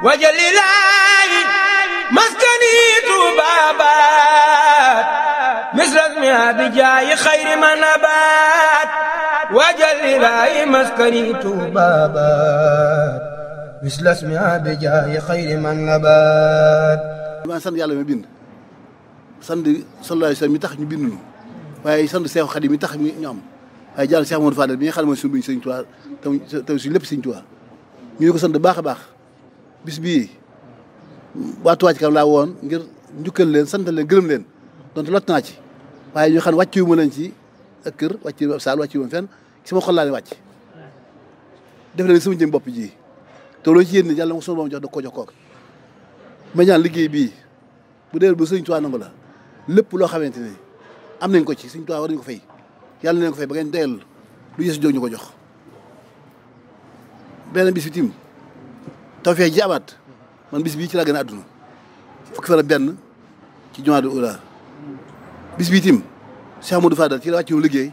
wajalilaayi maskani tubaabaat misrasmi abijaayi xayri manabaat wajalilaayi maskani tubaabaat misrasmi abijaayi xayri manabaat. maa sant yàlla mi bind sant sallallahu alayhi wa sallam mi tax ñu bind ñu waaye sant Seex Xaadim mi tax ñu am waaye jàll Seex Moodu Fadel bi nga xam ne mooy suñu biñ Sëñ Tuubaa taw si lépp Sëñ Tuubaa ñu ko sant baax a baax. bis bii waa Touba Ca Kanam laa woon ngir njukkal leen sant leen gërëm leen donte lot naa ci waaye ñoo xam wàcc yu ma leen ci ak kër wàcc yu ma saal wàcc yu ma fenn sama xol def leen sama jëm bopp ji te loolu ci yàlla ma sunu boom jox da ko liggéey bii bu dee bu sëñ Tuubaa nangu lépp loo xamante ni am nañ ko ci sëñ Tuubaa war nañ ko fay yàlla nañ ko ba ngeen doyal lu yeesu jóg ñu ko jox benn bis bi tawfeex ji amaat man bis bii ci laa gën a àdduna fukki fan benn ci jumaadu ula bis bii tim Cheikh Amadou Fadal ci la liggéey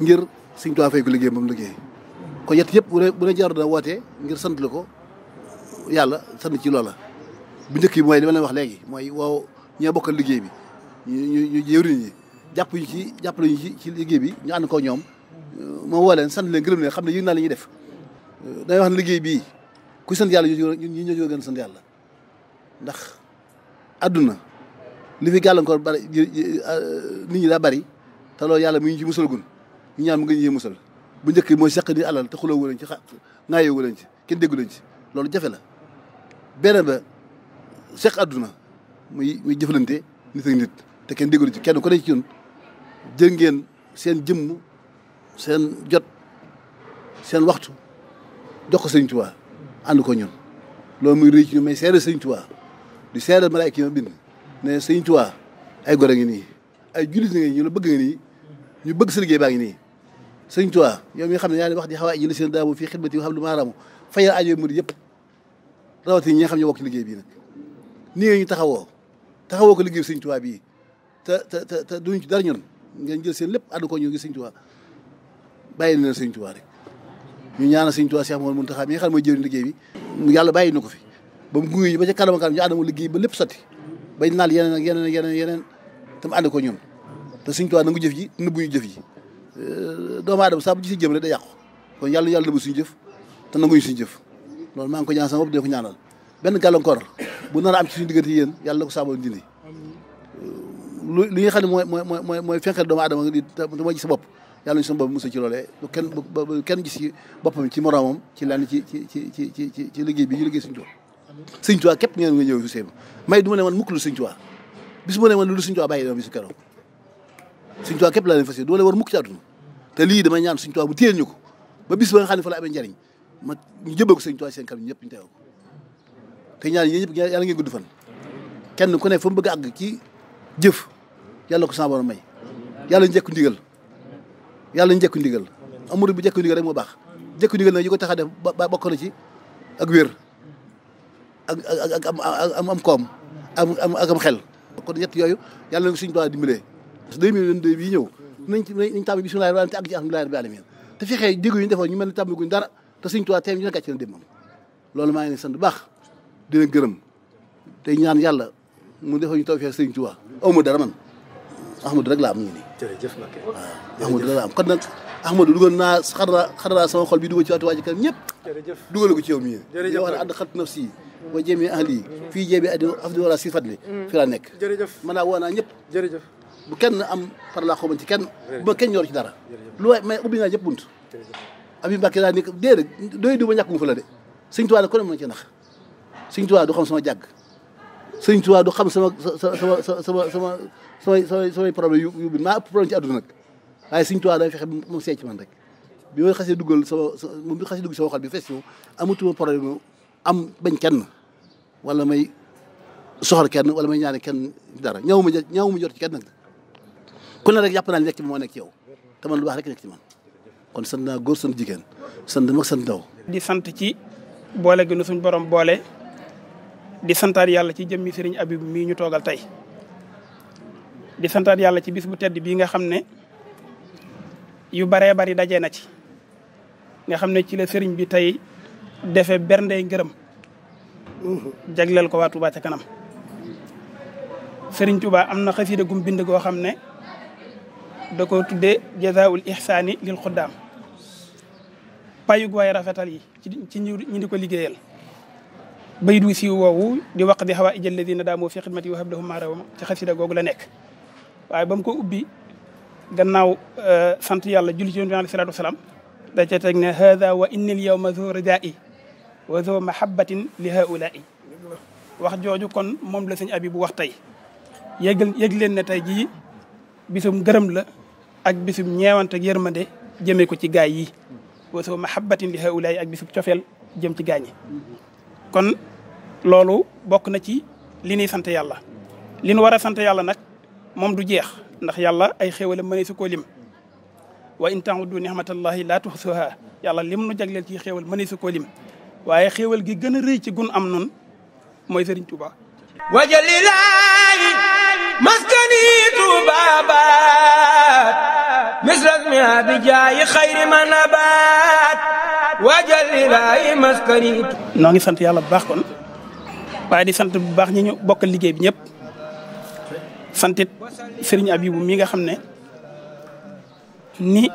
ngir Sëñ Tuubaa fay liggéey moom liggéey kon yett yëpp bu ne bu ngir sant ko yàlla sant ci loola bu njëkk bi mooy li ma leen wax léegi mooy woow ñoo bokkal liggéey bi ñu ñu yi jàpp ñu ci jàpp lañu ci liggéey bi ñu ànd ko ñoom moo woo leen sant leen gërëm leen xam ne yëg naa la ñuy def day wax ne liggéey bi ku sant yàlla ñu ñoo gën sant yàlla ndax àdduna li fi gàllankoor bari euh, nit ñi daa bari te loolu yàlla mi ngi ci musal gun ñu ñaan mu ngi ñuy musal bu njëkk mooy seq ni alal te xuloo wuleen ci xa ŋaayoo wuleen ci kenn déggu leen ci loolu jafe la benn ba seq àdduna muy muy jëflante nit ak nit te kenn déggu ci kenn ko ne ci ñun jël ngeen seen jëmm seen jot seen waxtu jox ko Sëriñ Tuubaa ànd ko ñun loolu muy rëy ci ñu may seere sëñ Tuubaa di seere malaayka yi ma bind ne sëñ ay gor a ngi nii ay jullit nga ñu la bëgg nga nii ñu bëgg sa liggéey baa ngi nii sëñ Tuubaa yow mi xam ne yaa ngi wax xaw a jëli seen daamu fii xidmati xam lu maaraamu fayal aajo murid yëpp rawati ñi nga xam ne bokk liggéey bii nag nii nga ñu taxawoo taxawoo ko liggéey sëñ Tuubaa bii te te te duñ ci dara ñun ngeen jël seen lépp ànd ko ñu gi sëñ Tuubaa bàyyi leen sëñ Tuubaa ñu ñaanal Sëriñ Tuubaa Cheikh Mouhamadou Mountakha mi nga xam ne mooy jëriñ liggéey bi yàlla bàyyi na ko fi ba mu gunge ñu ba ca kanam kanam ñu ànd liggéey ba lépp sotti bañ naal yeneen ak yeneen yeneen yeneen tam ànd ko ñun te Sëriñ Tuubaa nangu jëf ji bu ñu jëf ji doomu aadama saa bu gisee jëm rek day yàqu kon yàlla yàlla nëbbu suñu jëf te nanguñu suñu jëf loolu maa ko ñaan sama bopp dina ko ñaanal benn gàllankoor bu nar a am ci suñu diggante yéen yàlla na ko saaboon dindi lu li nga xam ne mooy mooy mooy mooy fenqal doomu aadama di mooy ci sa bopp yàlla ñu suñu bopp musa ci loolee bu kenn bu kenn gis ci boppam ci moroomam ci lenn ci ci ci ci ci ci liggéey bi ñu liggéey Sëriñ Tuubaa Sëriñ Tuubaa képp ngeen nga ñëw su seema may du ma ne man mukk lu Sëriñ Tuubaa bis bu ne man lu Sëriñ Tuubaa bàyyi dama bisu keroog Sëriñ Tuubaa képp laa leen fas yéene du ma leen war mukk ci àdduna te lii damay ñaan Sëriñ Tuubaa bu téyel ñu ko ba bis ba nga xam ne fa la amee njariñ ma ñu jëbal ko Sëriñ Tuubaa seen kanam ñëpp ñu teew ko te ñaan yéen ñëpp yàlla ngeen gudd fan kenn ku ne fa mu bëgg àgg ci jëf yàlla ko sa borom may yàlla njëkk ndigal yàlla njëkk jekku ndigal amuru bi jëkk ndigal rek moo baax jekku ndigal nag yi ko tax a def ba bokk na ci ak wér ak ak am am koom am am ak am xel. kon ñett yooyu yàlla na suñu doon dimbalee parce que deux mille vingt-deux bii ñëw nañ nañ tàmbali bisimilah wala te àgg ci alhamdulilah rabbil alamin te fexee jéego yi ñu ñu mel ne tàmbali guñ dara te suñ tuwaa tey ñu ne gàcce loolu maa ngi leen sant bu baax dina gërëm te ñaan yàlla mu defal ñu tawfeex sëñ tuwaa aw ma dara man Ahmadou rek la am ñu nii. jërëjëf rek la am kon nag Ahmadou dugal naa xadra sama xol bi dugal ci waatu waa wa jéemi ahli fii jéemi ahli afdi wala si fadli mm. fi laa nekk. jërëjëf man naa woo naa ñëpp. jërëjëf bu kenn am par la xawma ci kenn. bu ma kenn ñor ci dara. lu may may ubbi naa ñëpp bunt. Abi Mbacke daa nekk déedéet doy du ma ñàkkum fa la de Sëñ Tuubaa ko ne ma ci nax Sëñ Tuubaa du xam sama jàgg sëñ Tuubaa du xam sama sama sama sama sama samay samay samay problème yu yu maa ëpp problème ci àdduna nag sëñ Tuubaa da fexe moom seet man rek bi ma xasee duggal soo moom bi xasee dugg sama xol bi problème am bañ kenn wala may soxor kenn wala may ñaane kenn dara ñaw ma ñaw ma jot ci kenn nag ku la rek jàpp naa li nekk ci moo nekk ci yow te man lu baax rek nekk ci man kon sant naa góor jigéen sant mag sant ndaw di sant ci boole gi nu suñ borom boole di santaat yàlla ci jëmmi sëriñ Abib mii ñu toogal tey di santaat yàlla ci bis bu tedd bii nga xam ne yu baree bari daje na ci nga xam ne ci la sëriñ bi tey defe berndey ngërëm jagleel ko waa Touba ca kanam sëriñ Touba am na xasida gum bind goo xam ne da ko tudde jazaul ihsaani lil xuddaam payug waay rafetal yi ci ñi di ko liggéeyal bayit wu siiw woowu di waq di xawaa ijal ladina daamoo fi xidmati wa hablahum ma rawama ci la nekk waaye ba mu ko ubbi gannaaw euh, sant yàlla julli ci yonent bi salaatu da ca teg ne hada wa innil yawma zo ridai li haulaai wax jooju kon moom la sëñ abi bu wax tey yëgal yëg leen ne tey jii bisum gërëm la ak bisum ñeewant ak yërmande jëmee ko ci gaay yi wa zo mahabbatin li haulaai ak bisum cofeel jëm ci gaa gaañi kon loolu bokk na ci li ñuy sant yàlla li ñu war a sant yàlla nag moom du jeex ndax yàlla ay xéewalam mënee su koo lim wa in ta'uddu ni'matallahi laa tuhsuha yàlla lim nu jagleel ci xéewal mënee su koo lim waaye xéewal gi gën ci gun am nun mooy Serigne Touba wajalilaayi maskani tubabat misras mi abijaayi xayri manabat waa maskari noo ngi sant yàlla bu baax kon waaye di sant bu baax ñi ñu bokkal liggéey bi ñëpp santit sëriñ Abibu mi nga xam ne ni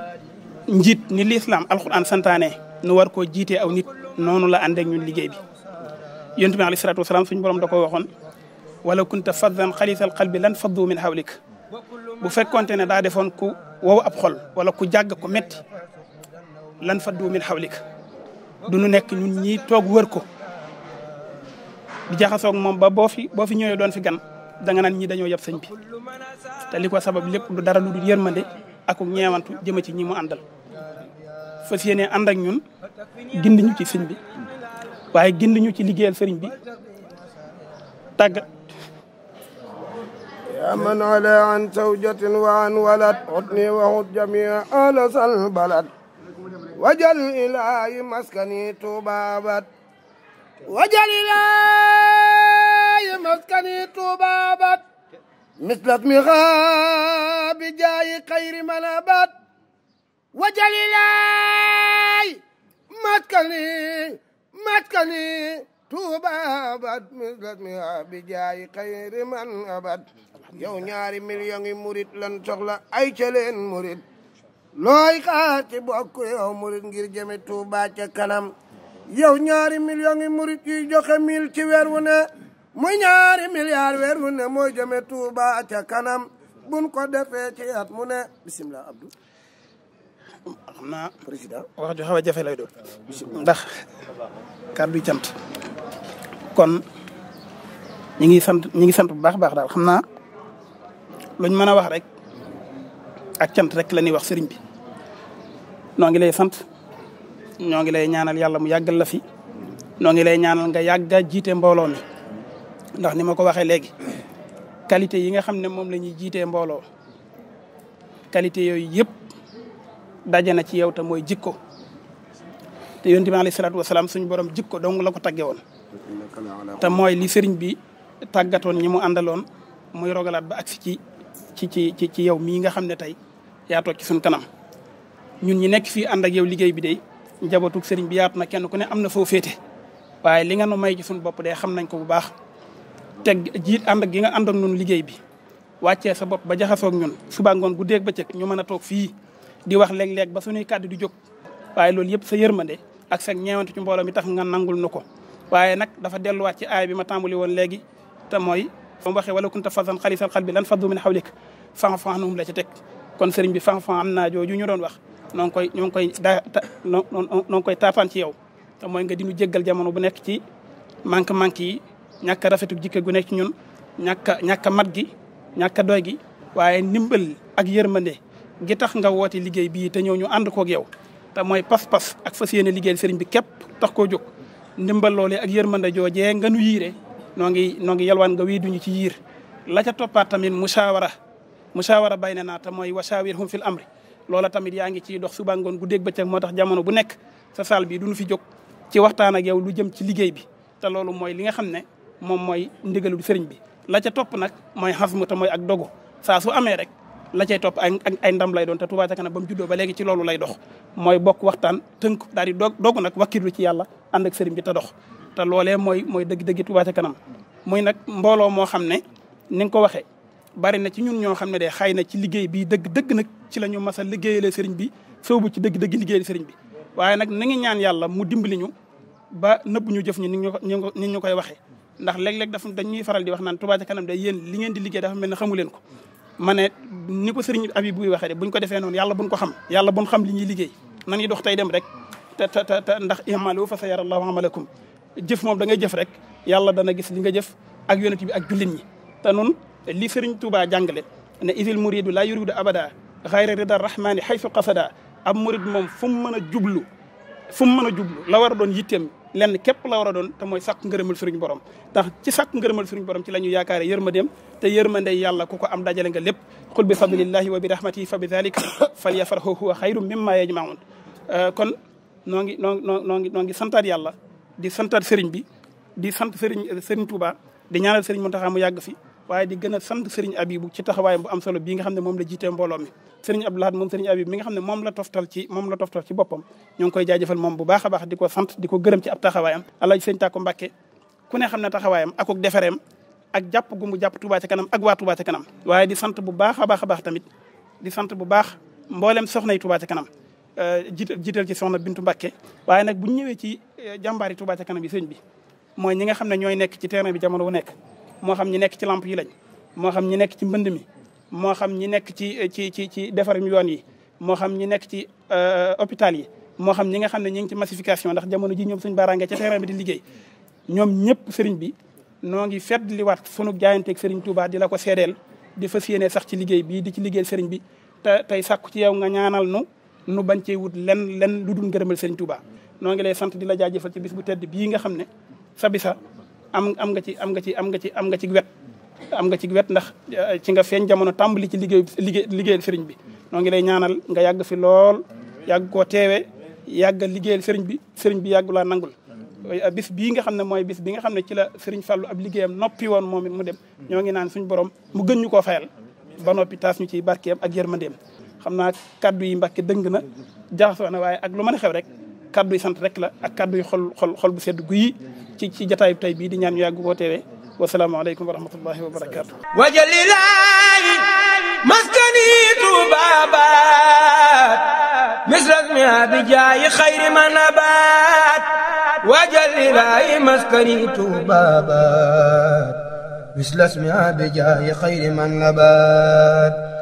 njiit ni lislaam an santaane nu war koo jiitee aw nit noonu la ànd ak ñun liggéey bi yonent bi alayhi salaatu wasalaam suñu borom da koo waxoon wala kunta faddan xalisal qalbi lan faddu min hawlik bu fekkonte ne daa defoon ku wow ab xol wala ku jàgg ko metti lan faddu min xawlik du nu nekk ñun ñi toog wër ko di jaxasoog moom ba boo fi boo fi ñëwee doon fi gan danga naan ñi dañoo yab sëñ bi te li ko sabab lépp du dara lu dul yërmande ak ñeewantu jëma ci ñi mu àndal fas yéene ànd ñun gindi ñu ci sëñ bi waaye gindi ñu ci liggéeyal sëriñ bi tàggat yaa man ala an zawjatin wa an walad utni wa ut jamia ala sal wajal ilaahi maskani maskani tuubaabat mislat mi jaayi xayri manabat wajal ilaahi maskani maskani tuubaabat mislat mi ñaari million yi murit lan soxla ay ca murit looy xaar ci bokk yow murit ngir jëme Tuuba ca kanam yow ñaari millions yi murit yuy joxe mille ci weer wu ne muy ñaari milliards weer ne mooy jëme Tuuba ca kanam buñ ko defee ci at mu ne bisimilah Abdou xam naa président wax ju xaw a jafe lay doon ndax kàddu cant kon ñi ngi sant ñi ngi sant bu baax baax daal xam naa luñ mën a wax rek ak cant rek la ñuy wax sëriñ bi noo ngi lay sant ñoo ngi lay ñaanal yàlla mu yàggal la fi noo lay ñaanal nga yàgga jiite mbooloo ndax ni ma ko waxee léegi qualité yi nga xam ne moom la ñuy jiitee mbooloo qualité yooyu yëpp daje na ci yow ta mooy jikko te yoon bi alayhi salaatu wasalaam suñu borom jikko dong la ko tagge woon te mooy sëriñ bi tàggatoon ñi mu àndaloon muy rogalaat ba agsi ci ci ci ci yow mii nga xam ne tey yaa ci suñu kanam ñun ñi nekk fii ànd ak yow liggéey bi dey njabootug sëriñ bi yaatu na kenn ku ne am na foo féete waaye li nga nu may ci suñu bopp de xam nañ ko bu baax teg jiit ànd ak gi nga àndoon liggéey bi wàccee sa bopp ba jaxasoog ñun suba ngoon guddeeg bëccëg ñu mën a toog fii di wax léeg-léeg ba suñuy kàddu di jóg waaye loolu yëpp sa yërmande ak sa ñeewante ci mbooloo mi tax nga nangul nu ko waaye nag dafa delluwaat ci aay bi ma tàmbali woon léegi te mooy ba mu waxee ta kunta fasan xalisal xal bi lan faddu min xawlik fan fanhum la ci teg kon sëriñ bi fan-fan am naa jooju ñu doon wax noo koy ñoo koy daa noo koy taapaan ci yow te mooy nga di dinu jéggal jamono bu nekk ci manque-manque yi ñàkk a rafetu jikke gu nekk ci ñun ñàkk ñàkk a mat gi ñàkk a doy gi waaye ndimbal ak yërmande gi tax nga woote liggéey bii te ñëw ñu ànd kook yow te mooy pas-pas ak fa yéene liggéeyal sëriñ bi képp tax koo jóg ndimbal loole ak yërmande joojee nga nu yiire noo ngi noo ngi yalwaan nga wii duñu ci yiir la ca toppaat tamit musaawara musaawara bayna na te mooy wasaawirhum fil amri loola tamit yaa ngi ciy dox suba ngoon guddeeg bëccëg moo tax jamono bu nekk sa saal bi duñu jóg ci waxtaan ak yow lu jëm ci liggéey bi te loolu mooy li nga xam ne moom mooy ndigalul sëriñ bi la ca topp nag mooy xasmu te mooy ak dogu saa su amee rek la cay topp ay ay ndam lay doon te Touba ca kanam ba mu juddoo ba léegi ci loolu lay dox mooy bokk waxtaan tënk daal di doog dogu nag wakkilu ci yàlla ànd ak bi te dox te loolee mooy mooy dëgg-dëgg Touba ca kanam muy nag mbooloo moo xam ne ni nga ko waxee bari na ci ñun ñoo xam ne de xay na ci liggéey bi dëgg dëgg nag ci la ñu mas a liggéeyale sëriñ bi soobu ci dëgg-dëgg liggéeyale sëriñ bi waaye nag na ngi ñaan yàlla mu dimbali ñu ba nëbb ñu jëf ñu ni ñu koy waxee ndax léeg-léeg dafa dañuy faral di wax naan Touba ca kanam de yéen li di liggéey dafa mel ne xamu leen ko ma ni ko sëriñ abi buy waxee de buñ ko defee noonu yàlla buñ ko xam yàlla buñ xam li ñuy liggéey nan ñuy dox tey dem rek te te te ndax imalu fa sayara allahu amalakum jëf moom da ngay jëf rek yàlla dana gis li nga jëf ak yonent bi ak jullit ñi li sëriñ Touba jàngale ne isil muridu la yuridu abada xayra rida rahmani xaysu qasada ab murid moom fu mu mën a jublu fu mën a jublu la war a doon yitteem lenn képp la war a doon te mooy sàkk ngërëmal suñu borom tax ci sàkk ngërëmal suñu borom ci la ñu yaakaare yërmandeem te yërmande yàlla ku ko am dajale nga lépp qul bi fadlillahi wa bi rahmatihi fa bi dalika falyafrahu huwa xayru mimma yajmaun euh, kon noo ngi noo noo noo ngi noo ngi santaat yàlla di santaat sëriñ bi di sant sëriñ sëriñ Touba di ñaanal sëriñ Mountakha mu yàgg fi waaye di gën a sant Serigne Abibou ci taxawaayam bu am solo bii nga xam ne moom la jiitee mbooloo mi Serigne Abdou Lahad moom Serigne Abibou mi xam ne moom la toftal ci moom la toftal ci boppam ñoo ngi koy jaajëfal moom bu baax a baax di ko sant di ko gërëm ci ab taxawaayam Alaaji Serigne Tako Mbàkke ku ne xam ne taxawaayam akuk defereem ak jàpp gu mu jàpp Touba ca kanam ak waa Touba ca kanam waaye di sant bu baax a baax a baax tamit di sant bu baax mboolem soxna yi Touba ca kanam euh, jiital jiital ci soxna Bintu Mbàkke waaye nag bu ñu ñëwee ci euh, jàmbaari Touba ca kanam yi sëñ bi mooy ñi nga xam ne ñooy nekk ci terrain bi jamono bu nekk moo xam ñi nekk ci lamp yi lañ moo xam ñi nekk ci mbënd mi moo xam ñi nekk ci ci ci ci defarim yoon yi moo xam ñi nekk ci euh, hôpital yi moo xam ñi nga xam ne ñi ngi ci massification ndax jamono ji ñoom suñ baaraange ca terrain bi di liggéey ñoom ñëpp sëriñ bi noo ngi fedd li waat sunu jaayanteeg sëriñ Touba di la ko seedeel di fas yéene sax ci liggéey bii di ci liggéeyal sëriñ bi te tey sàkku ci yow nga ñaanal nu nu bañ cee wut len len lu dul ngërëmal sëriñ Touba noo ngi lay sant di la jaajëfal ci bis bu tedd bii nga xam ne sa bisa am am nga ci am nga ci am nga ci am nga ci wet am nga ci wet ndax eh, ci nga feeñ jamono tàmbali ci liggéey liggéey liggéeyal bi noo ngi lay ñaanal nga yàgg fi lool yàgg koo teewe yàgg liggéey sëriñ bi sëriñ bi yàggu laa nangul eh, bis bii nga xam ne mooy bis bi nga xam ne ci la sëriñ Fallou ab liggéeyam noppi woon moom it mu dem ñoo ngi naan suñu borom mu gën ñu koo fayal ba noppi taas ñu ciy barkeem ak yërmandeem xam naa kàddu yi mbàkke dëng na jaaxasoo na waaye ak lu mën a xew rek kaddu yu rek la ak kaddu bii di ñaan maskanitu baabaat misrasmi bi jaayi xayri ma nabaat